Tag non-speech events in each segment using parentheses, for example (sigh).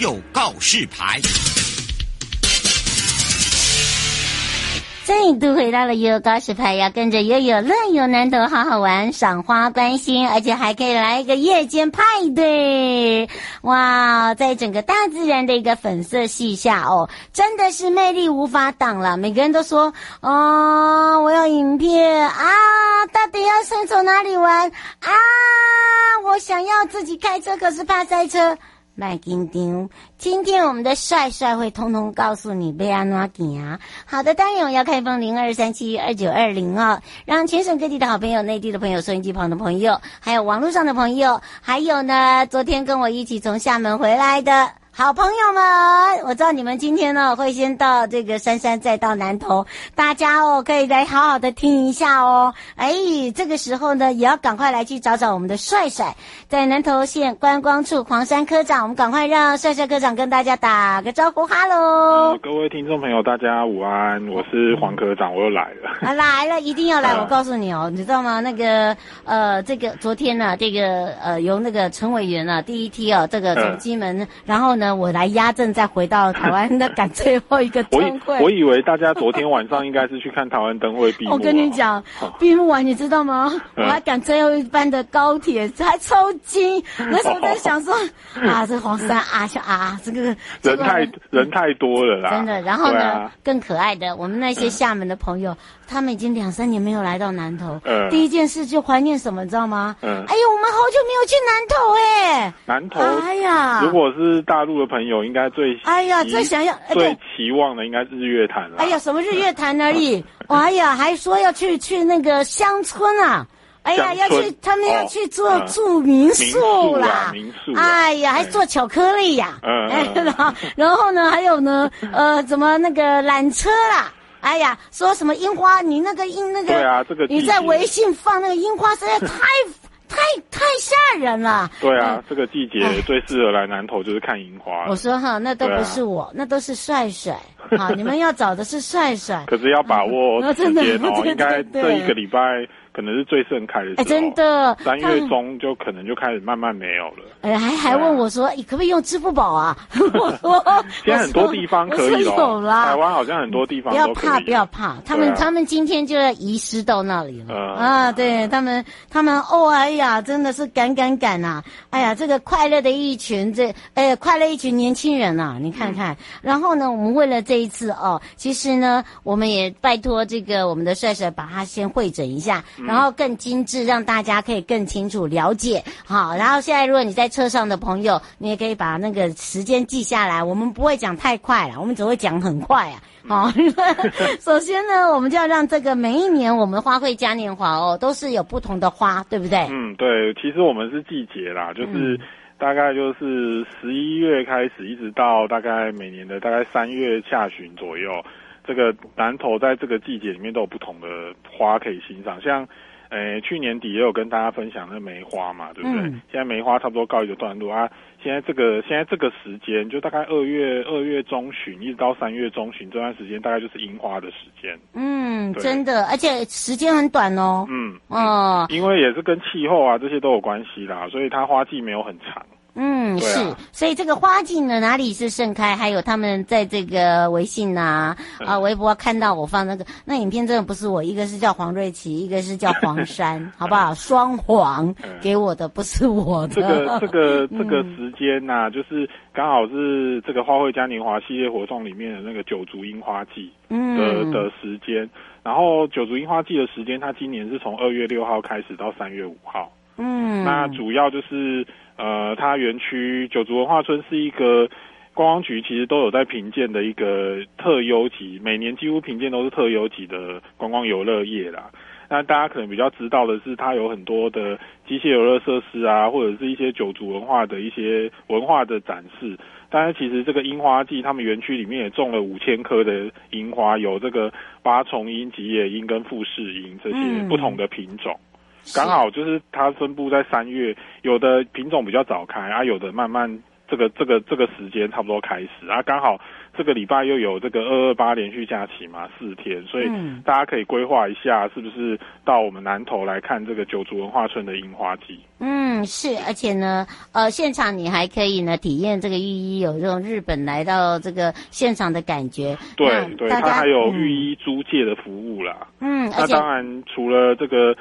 有告示牌，再度回到了有告示牌，要跟着悠悠樂遊南投，好好玩，賞花觀星，而且還可以來一個夜間派對，哇，在整個大自然的一個粉色系下哦，真的是魅力無法擋了。每個人都說啊、哦，我要影片啊，到底要先從哪裡玩啊？我想要自己開車，可是怕塞車。麥金丁，今天我們的帥帥會通通告訴你要安怎行啊！好的，當然我要開封零二三七二九二零哦，讓全省各地的好朋友、內地的朋友、收音機旁的朋友，還有網絡上的朋友，還有呢，昨天跟我一起從廈門回來的。好朋友們，我知道你們今天呢、哦、會先到這個山山，再到南投，大家哦可以來好好的聽一下哦。哎，這個時候呢也要趕快來去找找我們的帥帥，在南投縣觀光處黃山課長，我們趕快讓帥帥課長跟大家打個招呼，哈嘍、呃！各位聽眾朋友，大家午安，我是黃課長，我又來了，啊、來了一定要來，啊、我告訴你哦，你知道嗎？那個呃，這個昨天呢、啊，這個呃由那個陳委員啊，第一梯哦、啊，這個從金門，呃、然後呢。我來壓陣，再回到台灣，那趕最後一個燈會。 (laughs) 我以為大家昨天晚上應該是去看台灣燈會閉幕。我跟你講，閉幕完，你知道嗎？我還趕最後一班的高鐵，還抽筋。那時候在想說， (laughs) 啊，這黃山啊，小啊，這個、這個人，人太人太多了啦。真的，然後呢，啊、更可愛的，我們那些廈門的朋友，嗯、他們已經兩三年沒有來到南投，嗯、第一件事就懷念什麼，知道嗎？嗯。哎呦，我們好久沒有去南投哎。南投。哎呀，如果是大。住的朋友應該最哎呀，最想要，最期望的應該是日月潭了。哎呀，什麼日月潭而已。哎呀，還說要去去那個鄉村啊。哎呀，要去他們要去做住民宿啦。民宿，哎呀，還做巧克力呀。然後然後呢？還有呢？呃，怎麼那個纜車啦？哎呀，說什麼櫻花？你那個櫻那個？對啊，這個你在微信放那個櫻花實在太。太太嚇人了！對啊，唉這個季節最適合來南投就是看櫻花。我說哈，那都不是我，啊、那都是帥帥。好， (laughs) 你們要找的是帥帥。可是要把握時間哦，啊、真的真的應該這一個禮拜。可能是最盛開的，哎，欸、真的，三月中就可能就開始慢慢沒有了。哎，還還問我說，啊欸、可不可以用支付寶啊？我，我 (laughs) 現在很多地方可以了。我說，我有啦。台灣好像很多地方都可以。不要怕，不要怕，他們、啊、他們今天就要移師到那裡了。嗯、啊，對，他們他們哦、喔，哎呀，真的是趕趕趕吶！哎呀，這個快樂的一群，這哎、欸、快樂一群年輕人吶、啊，你看看。嗯、然後呢，我們為了這一次哦、喔，其實呢，我們也拜托這個我們的帥帥把他先會診一下。嗯、然後更精致，讓大家可以更清楚了解。好，然後現在如果你在車上的朋友，你也可以把那個時間記下來。我們不會講太快啦，我們只會講很快啊。好，嗯、呵呵首先呢，我們就要讓這個每一年我們花卉嘉年華哦，都是有不同的花，對不對？嗯，對，其實我們是季節啦，就是大概就是十一月開始，一直到大概每年的大概三月下旬左右。這個南投在這個季節裡面都有不同的花可以欣賞，像，呃，去年底也有跟大家分享那梅花嘛，對不對？嗯、現在梅花差不多告一個段落啊。現在這個現在這個時間就大概二月、二月中旬一直到三月中旬這段時間，大概就是櫻花的時間。嗯，對真的，而且時間很短哦。嗯，啊、嗯呃、因為也是跟氣候啊這些都有關係啦，所以它花季沒有很長。嗯，啊、是，所以這個花季呢，哪裡是盛開？還有他們在這個微信吶啊、呃、微博看到我放那個、嗯、那影片，真的不是我，一個是叫黃瑞奇，一個是叫黃山，嗯、好不好？雙黃、嗯、給我的不是我的。這個這個這個時間吶、啊，嗯、就是剛好是這個花卉嘉年華系列活動裡面的那個九族櫻花季的、嗯、的時間。然後九族櫻花季的時間，它今年是從二月六號開始到三月五號。嗯，那主要就是。呃，它園區九族文化村是一個觀光局其實都有在評鑑的一個特優級，每年幾乎評鑑都是特優級的觀光遊樂業啦。那大家可能比較知道的是，它有很多的機械遊樂設施啊，或者是一些九族文化的一些文化的展示。但是其實這個櫻花季，他們園區裡面也種了五千棵的櫻花，有這個八重櫻、吉野櫻跟富士櫻這些不同的品種。嗯剛好就是它分布在三月，有的品種比較早開啊，有的慢慢這個這個這個時間差不多開始啊。剛好這個禮拜又有這個二二八連續假期嘛，四天，所以大家可以規劃一下，是不是到我們南投來看這個九族文化村的櫻花季？嗯，是，而且呢，呃，現場你還可以呢體驗這個浴衣，有這種日本來到這個現場的感覺。對對，大概，它還有浴衣租借的服務啦。嗯，嗯那當然除了這個。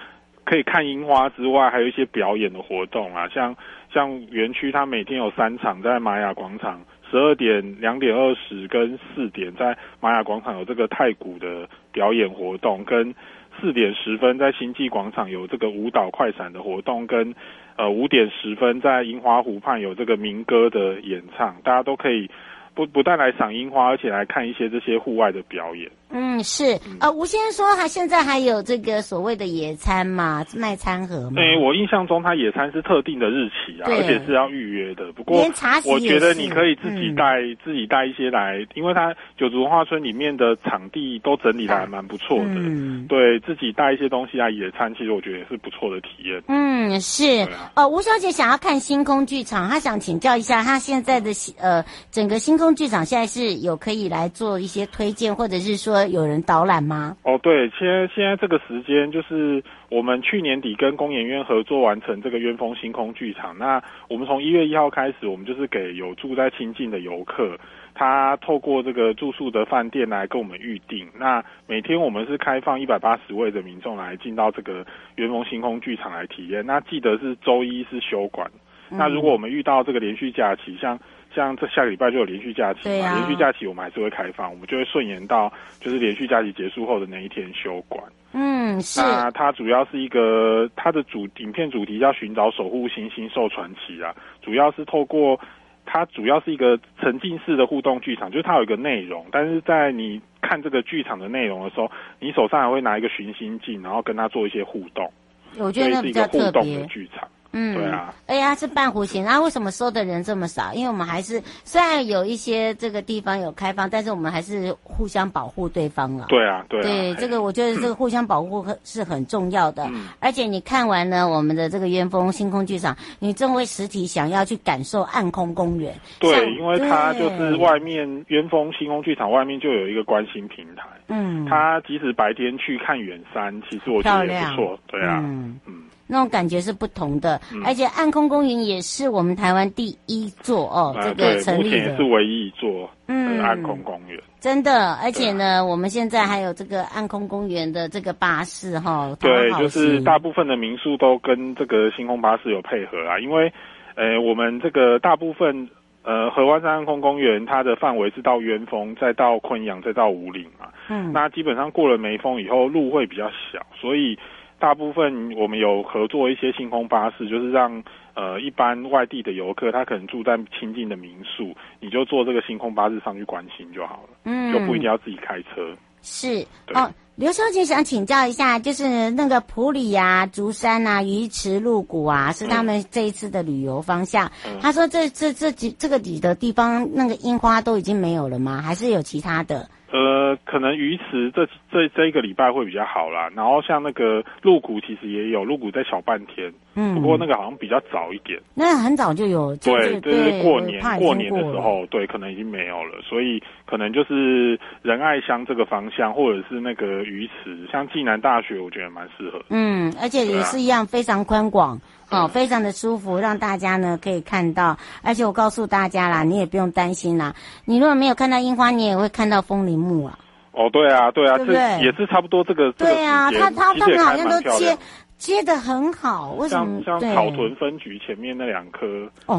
可以看櫻花之外，還有一些表演的活動啊，像像園區它每天有三場，在瑪雅廣場十二點、兩點二十跟四點，在瑪雅廣場有這個太鼓的表演活動，跟四點十分在星際廣場有這個舞蹈快閃的活動，跟呃五點十分在櫻花湖畔有這個民歌的演唱，大家都可以不不但來賞櫻花，而且來看一些這些戶外的表演。嗯，是呃，吳先生說，他現在還有這個所謂的野餐嘛，賣餐盒嘛，對，我印象中他野餐是特定的日期啊，對而且是要預約的。不過，我覺得你可以自己帶自己帶一些來，嗯、因為他九族文化村裡面的場地都整理的還蠻不錯的。嗯，對自己帶一些東西來野餐其實我覺得也是不錯的體驗。嗯，是、啊、呃，吳小姐想要看星空劇場，她想請教一下，她現在的呃，整個星空劇場現在是有可以來做一些推薦，或者是說。有人導覽嗎？哦，oh, 對，現在現在這個時間就是我們去年底跟工研院合作完成這個淵峰星空劇場。那我們從一月一號開始，我們就是給有住在清境的遊客，他透過這個住宿的飯店來跟我們預定。那每天我們是開放一百八十位的民眾來進到這個淵峰星空劇場來體驗。那記得是週一是休館。嗯、那如果我們遇到這個連續假期，像像這下個禮拜就有連續假期嘛？啊、連續假期我們還是會開放，我們就會順延到就是連續假期結束後的那一天休館。嗯，是。那它主要是一個它的主影片主題叫《尋找守護星星獸傳奇》啊，主要是透過它主要是一個沉浸式的互動劇場，就是它有一個內容，但是在你看這個劇場的內容的時候，你手上還會拿一個尋星鏡，然後跟它做一些互動。我覺得是一個互動的劇場。嗯，對啊，哎呀，是半弧形啊。為什麼收的人這麼少？因為我們還是雖然有一些這個地方有開放，但是我們還是互相保護對方了。對啊，對啊，對，這個我覺得這個互相保護是很重要的。嗯，而且你看完了我們的這個鳶峰星空劇場，你正為實體想要去感受暗空公園，對，因為它就是外面鳶峰對星空劇場外面就有一個觀星平台。嗯，它即使白天去看遠山，其實我覺得也不錯。亮對啊，嗯。嗯那種感覺是不同的，嗯、而且暗空公園也是我們台灣第一座哦，啊、這個成立對也目前是唯一一座，嗯，暗空公園、嗯嗯。真的，而且呢，啊、我們現在還有這個暗空公園的這個巴士哈。對，就是大部分的民宿都跟這個星空巴士有配合啊，因為，呃，我們這個大部分，呃，合歡山暗空公園它的範圍是到鳶峰，再到昆陽，再到武嶺嘛。嗯。那基本上過了梅峰以後，路會比較小，所以。大部分我們有合作一些星空巴士，就是讓呃一般外地的遊客，他可能住在清境的民宿，你就坐這個星空巴士上去觀星就好了，嗯，就不一定要自己開車。是對哦，劉小姐想請教一下，就是那個埔里呀，啊、竹山啊、魚池、鹿谷啊，是他們這一次的旅遊方向。嗯，他說，這這這幾這個底的地方，那個櫻花都已經沒有了嗎？還是有其他的？呃，可能魚池這這這一個禮拜會比較好啦。然後像那個鹿谷，其實也有鹿谷在小半天，嗯，不過那個好像比較早一點。那很早就有，就對，就是過年過，過年的時候，對，可能已經沒有了。所以可能就是仁愛鄉這個方向，或者是那個魚池，像暨南大學，我覺得蠻適合。嗯，而且也是一樣，非常寬廣。哦，非常的舒服，讓大家呢可以看到，而且我告訴大家啦，你也不用擔心啦，你如果沒有看到櫻花，你也會看到風鈴木啊。哦，對啊，對啊，這也是差不多這個。對啊，它它上面好像都接。接的很好，為什麼？像草屯分局前面那兩棵，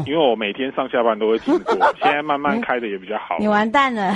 因為我每天上下班都會經過，現在慢慢開的也比較好。你完蛋了，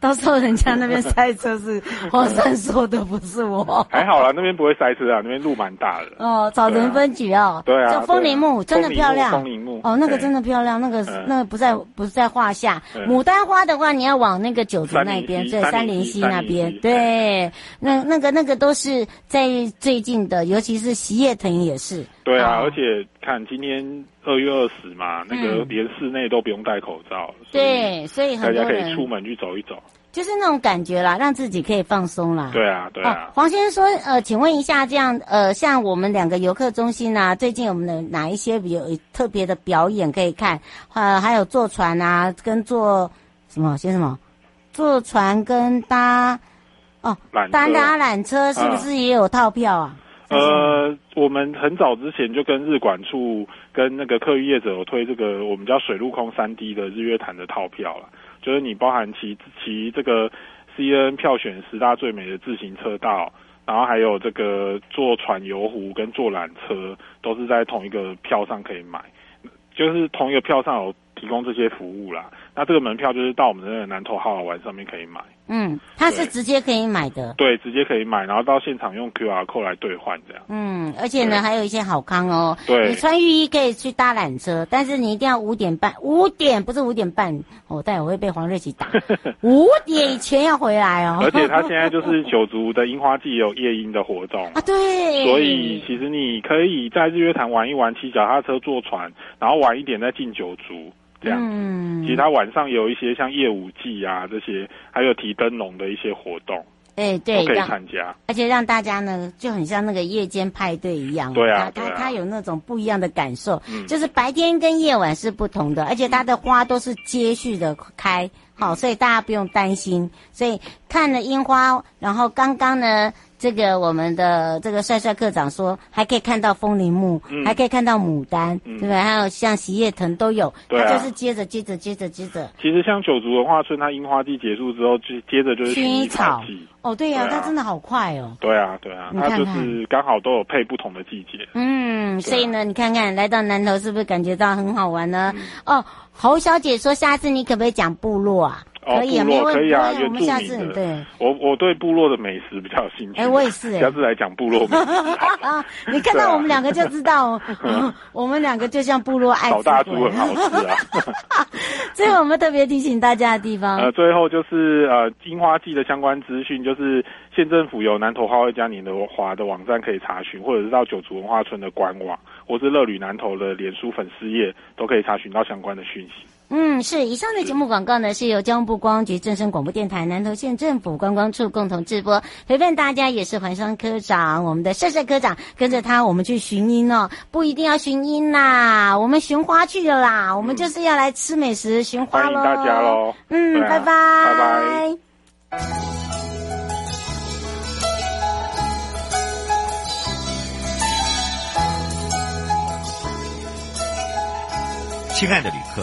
到時候人家那邊塞車。是黃山說的，不是我。還好啦，那邊不會塞車啊，那邊路蠻大的。哦，草屯分局哦，對啊，風鈴木真的漂亮。風鈴木哦，那個真的漂亮，那個那個不在不在話下。牡丹花的話，你要往那個九族那邊，對，杉林溪那邊，對，那那個那個都是在最近的，尤其是。洗液騰也是。對啊，哦、而且看今天二月二十嘛，嗯、那個連室內都不用戴口罩，對，所以大家可以出門去走一走，就是那種感覺啦，讓自己可以放鬆啦。對啊，對啊、哦。黃先生說：“呃，請問一下，這樣呃，像我們兩個遊客中心啊，最近我們的哪一些比較特別的表演可以看？呃，還有坐船啊，跟坐什麼？先什麼？坐船跟搭哦，纜車、搭搭纜車是不是也有套票啊？”啊嗯、呃，我們很早之前就跟日管處、跟那個客運業者有推這個，我們叫水陸空三 D 的日月潭的套票了，就是你包含騎騎這個 CNN 票選十大最美的自行車道，然後還有這個坐船遊湖跟坐纜車，都是在同一個票上可以買，就是同一個票上有提供這些服務啦。那這個門票就是到我們的南投好好玩上面可以買。嗯，它是直接可以買的對，對，直接可以買，然後到現場用 QR code 來兌換這樣。嗯，而且呢，對還有一些好康哦。對，你穿浴衣可以去搭纜車，對但是你一定要五點半，五點不是五點半，我、哦、待會我會被黃瑞琪打。五 (laughs) 點以前要回來哦。而且他現在就是九族的櫻花季有夜櫻的活動啊， (laughs) 啊對。所以其實你可以在日月潭玩一玩，騎腳踏車、坐船，然後晚一點再進九族。這樣，嗯、其他晚上有一些像夜舞季啊這些，還有提燈籠的一些活動，哎、欸，對，可以參加，而且讓大家呢就很像那個夜間派對一樣，對啊，它它、啊、有那種不一樣的感受，嗯、就是白天跟夜晚是不同的，而且它的花都是接續的開，好，所以大家不用擔心，所以看了櫻花，然後剛剛呢。這個我們的這個帥帥課長說，還可以看到風鈴木，還可以看到牡丹，對不對？還有像錫葉藤都有，就是接着接着接着接着。其實像九族文化村，它櫻花季結束之後，就接着就是薰衣草季。哦，對呀，它真的好快哦。對啊，對啊，就是剛好都有配不同的季節。嗯，所以呢，你看看來到南投是不是感覺到很好玩呢？哦，侯小姐說，下次你可不可以講部落啊？哦、可以啊，可以啊，沒問題。我們下次對，我我對部落的美食比較有興趣。哎、欸，我也是、欸。哎，下次來講部落美食、啊。 (laughs) 你看到我們兩個就知道，我們兩個就像部落愛情。烤 (laughs) 大豬很好吃啊！所以，我們特別提醒大家的地方， (laughs) 呃、最後就是呃，櫻花季的相關資訊，就是縣政府有南投花卉嘉年華的，的網站可以查詢，或者是到九族文化村的官網，或是樂旅南投的臉書粉絲頁，都可以查詢到相關的訊息。嗯，是。以上的節目廣告呢，是由交通部觀光局、正聲廣播電臺、南投縣政府觀光處共同直播。陪伴大家也是黃山課長，我們的帥帥課長，跟着他，我們去尋音哦。不一定要尋音啦，我們尋花去了啦。我們就是要來吃美食咯、尋花嘍。歡迎大家咯，嗯，啊、拜拜。拜拜。親愛的旅客。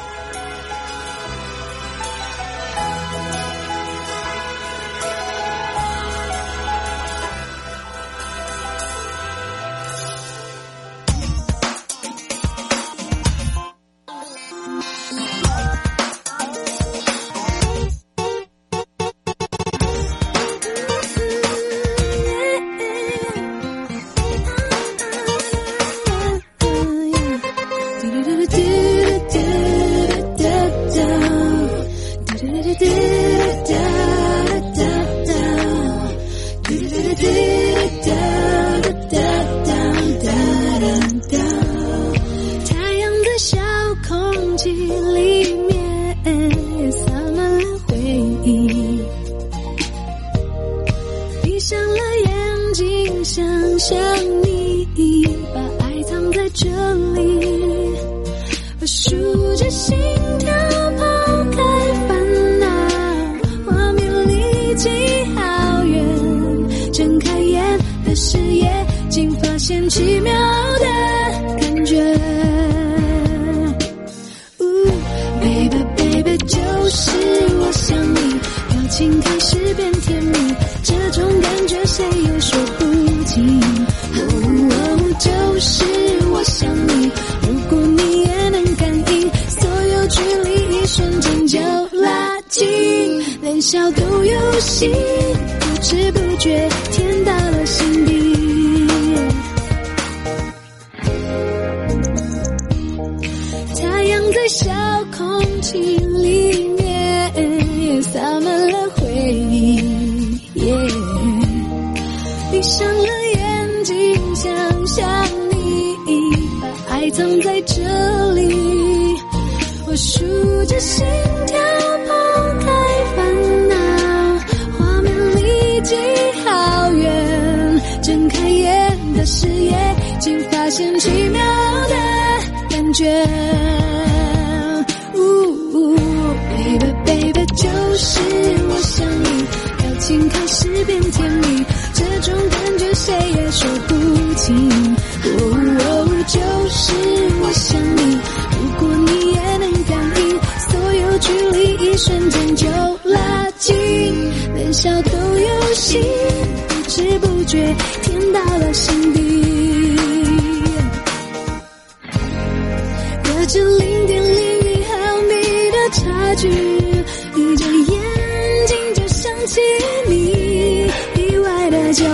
是我想你，表情開始變。 (noise) 躺在這裡，我數着心跳，拋開煩惱，畫面立即好遠。睜開眼的視野，竟發現奇妙的感覺。嗚嗚 baby baby，就是我想你，表情開始。心不知不覺甜到了心底，隔着零點零一毫米的差距，閉着眼睛就想起你，意外的酒。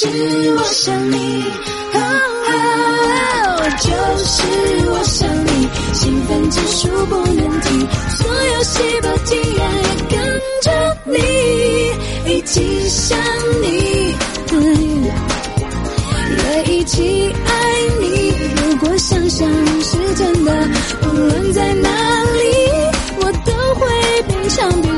是我想你，oh, oh, oh, 就是我想你，興奮指數不能停，所有細胞竟然也跟着你一起想你，嗯，也一起愛你。如果想象是真的，無論在哪裡，我都會變成你